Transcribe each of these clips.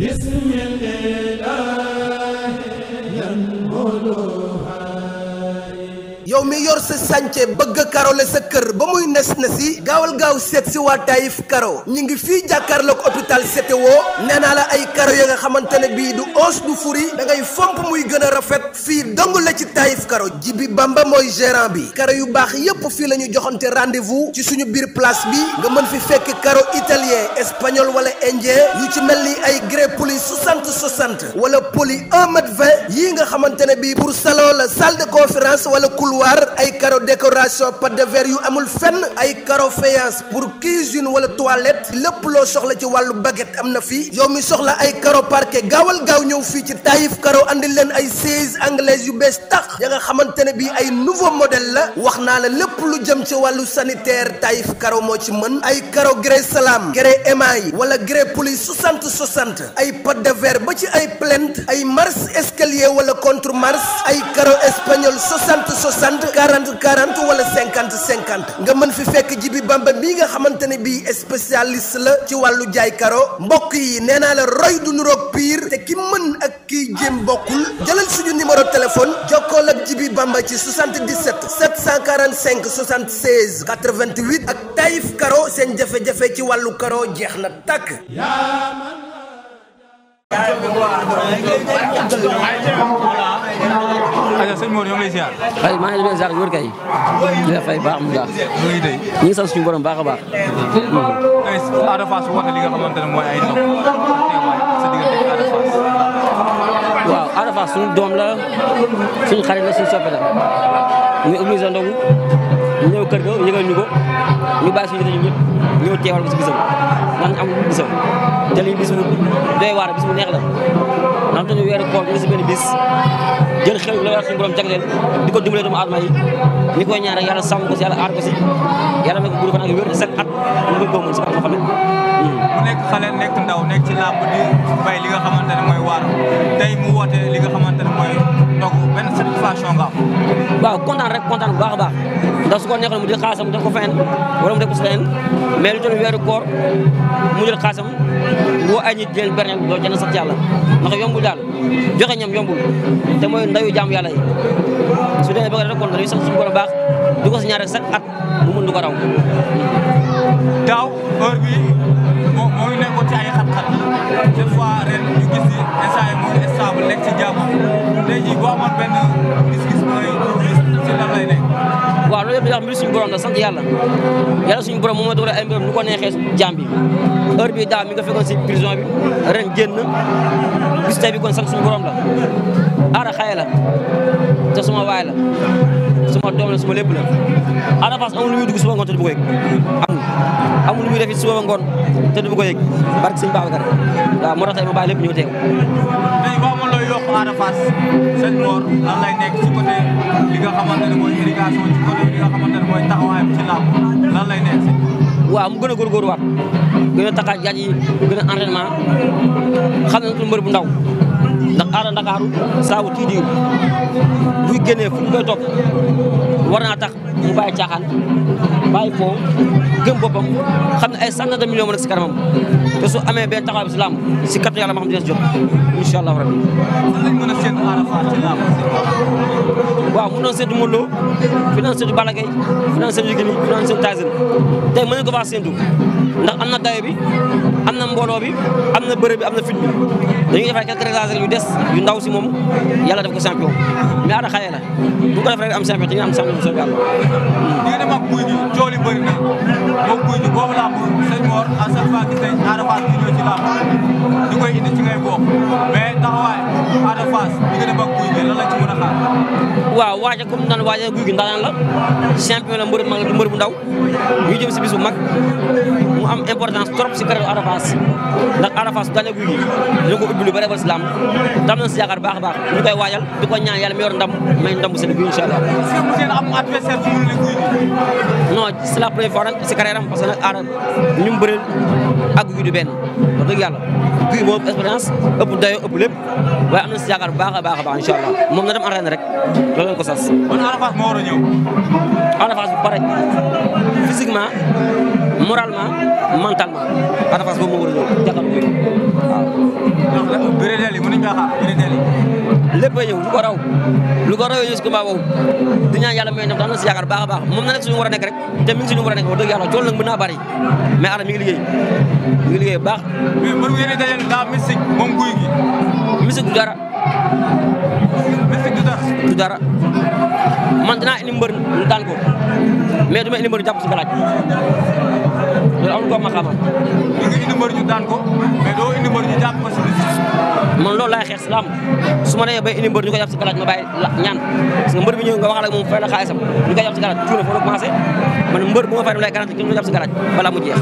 بسم الله ينبلها yow mi yor sa sànce bëgg karole sa kër ba muy nes na si gaawal gaaw seet si waa Taïf Karo ñu ngi fii jàkkaarloog hôpital CTO nee naa la ay karo ya nga xamante ne bii du os du furi da ngay fomp muy gën a rafet fii dong la ci Taïf Karo ji bi Bamba mooy gérant bi karo yu baax yépp fii la ñu joxante rendez-vous ci suñu biir place bi nga mën fi fekk karo italien espagnol wala indien yu ci mel ni ay grès poli 60 60 wala poli 1 mètre 20 nga xamante ne bii pour salon la salle wala couloir Aïkaro ay décoration pâte de verre yu amul fenn ay faïence pour cuisine wala toilette lepp lo soxla ci walu baguette amna fi fii yow mi soxla ay carreaux parquet gawal gaaw ñëw ci Taïf Carreaux andil len ay sièges anglaise yu bes tax ya nga xamantene bi ay nouveau modèle la waxna la lepp lu jëm ci walu sanitaire Taïf Carreaux mo ci mën ay carreaux grès salam grès émail wala grès poli 60 60 ay pâte de verre ba ci ay plinthe ay marche escalier wala contre mars, ay espagnol 60 60 60 40 40 wala 50 50 nga mën fi fekk Jibi Bamba mii nga xamante ne bii spécialiste la ci wàllu jaay karo mbokk yi nee naa la roy du nuroog pire te ki mën ak kiy jéem bokkul jëlal suñu numéro téléphone jokkool ak Jibi Bamba ci 77 745 76 88 ak Taïf Karo seen jafe-jafe ci wàllu karo jeex na tàkk. aywa sëñ Mor ñoo ngi lay ziar. waaye maa kay. di la fay baax mu baax. a baax. tey Ada sa doom la suñu xarit la suñu soppe la. muy obligé donc ñëw kër ga yëgal ko ñu bàyyi suñu ñëpp ñëw teewal ko si bisam ndax ñu am bisam te bis mu neex la ndax dañu weeru koor ñu si benn bis jël xew la war di ko dimbalee doomu aadama yi ni koy ñaan rek yàlla sàmm ko si yàlla aar ko si yàlla may ko gudd fan ak wér seen si xam ne bu nekk xale nekk ndaw nekk ci làmb di bay li nga mooy waar tey mu woote li nga mooy donc benn satisfaction nga waaw kontaan rek kontaan bu baax a baax ndax su ko neexoon mu jël xaalisam mu def ko feneen wala mu mais lu toll weeru koor mu jël xaalisam woo ay nit di leen berneel loolu jënd sax yàlla ndax yombul daal joxe ñam yombul te mooy ndayu jaam yàlla yi su dee ba nga def kon dañuy sant baax di ko si ñaareel at mu mun du ko raw. daaw heure bi tey jii boo amoon benn gis-gis bu ngay ci lan lay loolu yëpp di mbir suñu borom la sant yàlla yàlla suñu borom moom mooy dogal ay mbiram nu ko neexee jaam bi heure bi mi nga fekkoon si prison bi ren génn gis tey bi kon sant suñu borom la aara la te suma waay la suma doom la suma lépp la aara fas amul lu muy dugg suba ngoon te du ko yëg amul amul lu muy def suba ngoon te du ko yëg barke sëñ Babacar waaw moo tax tey ma bàyyi lépp ñëw teew yokk Ada Fass sëñ nekk ci côté li nga xamante ne mooy irrigation ci côté li nga xamante ne mooy taxawaayam ci làmb lan nekk sëñ waaw mu gën a góorgóorluwaat gën a taxaat jaaj yi gën a entraînement xam mbër bu ndaw ndax aada Ndakaaru saabu kii di buy génnee fu ñu koy topp war naa tax mu bàyyi caaxaan bàyyi foo gëm boppam xam ne ay centaine de millions moo nekk si kanamam te su amee benn taxawaay bi si làmb si kattu yàlla ma xam dina si jot incha allahu rabbi. fan lañ mën waaw mën na séntu Modou Lo fi naan séntu Balla Gaye fi naan séntu Yékini fi naan séntu Tyson ndax am na dayo bi am na mbooloo bi am na bërëb am na fit bi dañuy defar quelques réglages yu des jeunesse yu si moom yàlla def ko champion mais Ada xale la bu ko def rek am champion te ñu am champion bu soobee yàlla. yéen a mag cooli bëri na moom guy laa bëgg sëñ Mor à chaque fois gis waaw waaja comme naan waaja guy gi ndaanaan la champion la mbër mag la du mbër bu ndaw ñu jëm si bis bu mag mu am importance trop si carrière Ada Fass ndax Ada Fass daanee gi dina ko ubbi lu bëri bëri si lamb tam nañ si yaakaar baax a baax ñu koy waajal di ko ñaan yàlla mi yor ndam may ndam bu seen guy incha allah non c'est la première fois nag si carrière am parce que nag Ada ñu mu ak guy du benn wax dëgg yàlla guy moom expérience ëpp dayo ëpp lépp waaye am nañ si yaakaar baax a baax a baax incha allah moom na dem entraîné rek moo ko sas. kon Ada Fass moo war a ñëw. Ada Fass bu pare physiquement moralement mentalement Ada Fass boobu moo war a ñëw jàkkaarloo ñëw waaw. donc nag bëre deel yi mënuñ kaa xaar bëre deel yi. lépp a ñëw lu ko raw lu ko rawee ñëw si combat boobu di ñaan yàlla may ndam daal baax a baax moom na nekk suñu war a nekk rek te mi ngi suñu war a nekk wax dëgg yàlla coono naa bari mais Ada mi ngi baax. mais mbër bu yéene daa mystique moom guy gi. mystique du dara. mystique du man ini indi mbër ko mais du Ini indi mbër jàpp si galaaj loolu ko ma xamal. li ñu daan ko mais doo indi mbër ñu jàpp ko si man loolu laay xeex si laam su bay indi mbër ñu ko jàpp si galaaj ma bàyyi ñaan parce que bi nga waxal ak fay la ñu ko man bu fay lay mu jeex.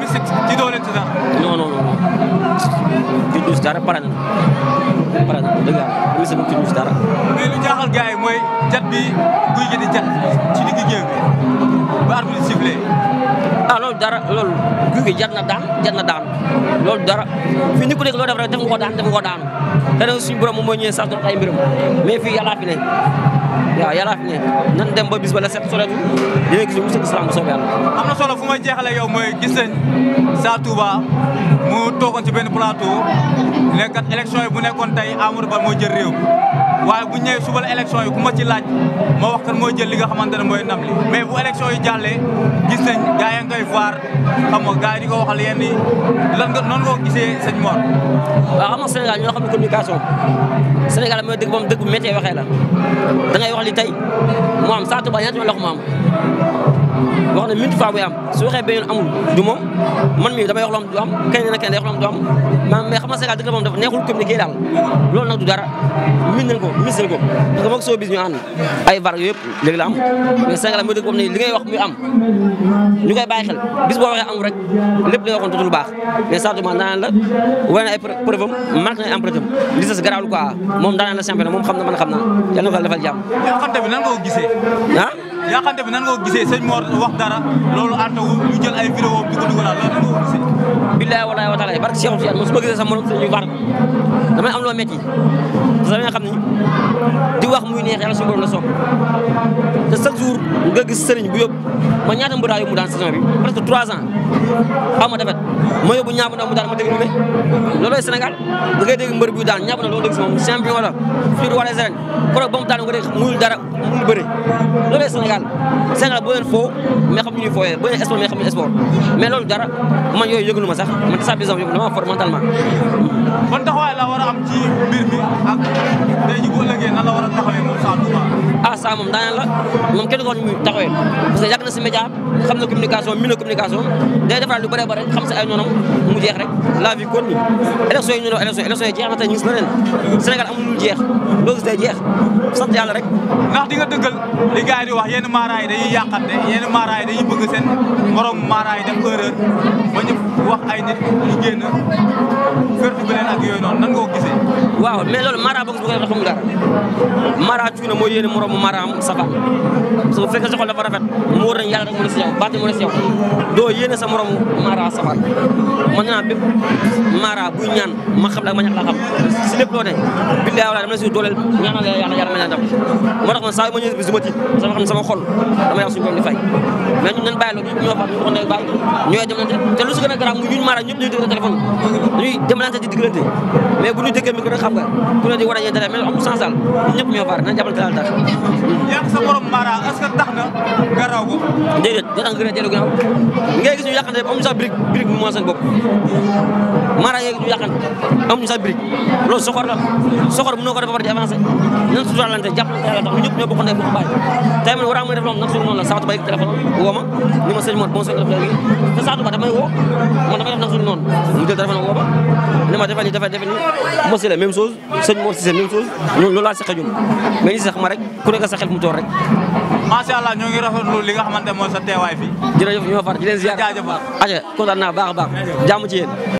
mystique ci non non non. dara pare na dëgg yàlla bu gisee ci dara. mais lu jaaxal gars yi mooy jat bi guy gi di jat ci digg géew bi ba arbitre sifflé ah loolu dara loolu guy gi jat na daan jat na daan loolu dara fii ni ku nekk loo def rek def nga ko daan def nga ko daan te suñu borom moom moo sax doon ay mbiram waaw yàllaa fi ne nan dem ba bis ba la set bu soobee yàlla am na mooy gis nañ Sa Touba mu toogoon ci benn plateau nekkat élection yi bu nekkoon tey Amadou Ba mooy jël réew waaye bu ñëwee suba élection yi ku ma ci laaj ma wax kan jël li nga xamante ne mooy ndam li mais bu yi jàllee gis nañ gaa yi ngay vaar xam nga gaa lan nga noonu nga gisee sëñ Mor. waaw xam nga Sénégal ñoo xam ne communication Sénégal mooy da لي تاي مو ام ساتو بانيات ولا مام wax na minute fois buy am su waxee benn yoon amul du moom man mii damay wax lu am du am kenn na kenn day wax lu am du am maanaam mais xam nga Sénégal dëgg la moom dafa neexul communiqué daal loolu nag du dara min nañ ko mis nañ ko parce que bis ñu ànd ay var yooyu yëpp léegi la am mais Sénégal mooy ne li ngay wax muy am ñu koy bàyyi xel bis boo waxee amul rek lépp li nga waxoon dootul baax mais sadoument daanaan la wane na ay preuve am marqué na empreinte am la champion moom xam na man xam naa yàlla na ko defal jàmm yàqante bi nan nga ko gisee sëñ Mor wax dara loolu Anta wu ñu jël ay vidéo di ko dugalal loolu nan nga ko gisee. billaay walaay wa taala barke Cheikh Tidiane moom su ma gisee sax mënul ñu far damay am loo métti te damay xam ni la soog te chaque jour nga bu yóbbu ma ñaata mbëraay mu daan saison bi presque 3 ans xaw ma defet ma yóbbu ñaabu ndaw mu daan ma dégg ñu ne loolooy Sénégal da ngay dégg mbër bu daan ñaabu ndaw loolu dégg si moom champion la fii du wàllu Sénégal keroog ba mu daan nga dégg muyul mënul bëre loolu mooy Sénégal Sénégal boo leen foo xam ñu ni fooyee boo leen xam ñu sport mais loolu dara ma yooyu yëglu ma sax sa saa bisan yëpp dama for mentalement ban taxawaay la war a am ci mbir mi ak tey ji bu ëllëgee la war a taxawee moom Sa Touba ça moom daanaan la moom kenn du ko wax muy taxawee parce que yàgg na si média xam na communication mi na communication day defaraat lu bëree bëri xam si ay noonam mu jeex rek la vie continue élection yi ñu doon élection élection yi jeex na tey ñu gis leneen Sénégal amul lu jeex loolu gis day jeex sant yàlla rek ndax di nga dëggal li gars yi di wax yenn maaraay dañuy yàqante yenn maaraay dañuy bëgg seen morom maaraay def erreur ba ñu wax ay nit ñu génn fertu beneen ak yooyu noonu nan nga ko gisee waaw mais loolu maara boog bu ko def xam nga dara maara cuuna moo yéene moroom maaraam safa su fekkee sa xol dafa rafet mu wóor nañ yàlla rek mu ne si yow baati mu ne si yow doo yéene sa morom maara safa man naa bépp maara buy ñaan ma xam la ma ñax la xam si lépp loo ne billahi wala dama la si dooleel ñaanal la yàlla yàlla ma ñaan dam moo tax man saa yu ma ñëwee bis ma tiit sama xam ne sama xol dama yàlla suñu borom di fay mais ñun nañ bàyyi loolu ñoo fa ñu ko ne bàyyi ñooy demlante te lu si gën a garaaw muy ñun maara ñëpp ñuy déglu téléphone ñuy demlante di diggante mais bu ñu déggee micro xam nga ku ne di war a yee dara mais amul sens daal ñëpp ñoo faar nañ jàppal daal tax yàq sa morom Mara est-ce na nga raw ko. déedéet da tax nga gën a teel a gaaw ngay gis ñu yàqante amuñu sax brique brique bi moo seen bopp Mara ngay gis ñu yàqante amuñu sax brique loolu soxor la soxor mënoo ko defar di avancé nan suturalante jàppalante yàlla tax ñu ñëpp ñoo bokk ndey bokk baay tey man war a mën a def loolu nag suñu noonu la saatu bay téléphone woo ma ni ma sëñ Mor bon li ma defal nii defal defal nii Mor Cissé la même chose sëñ Mor Cissé même chose loolu laa seqee ñun mais li sax ma rek ku nekk sa xel mu toor rek. macha allah ñoo ngi rafetlu li nga xamante mooy sa teewaay fii. jërëjëf ñoo far di leen ziar jaajëfal. aja kontaan naa baax a baax jàmm ci yéen.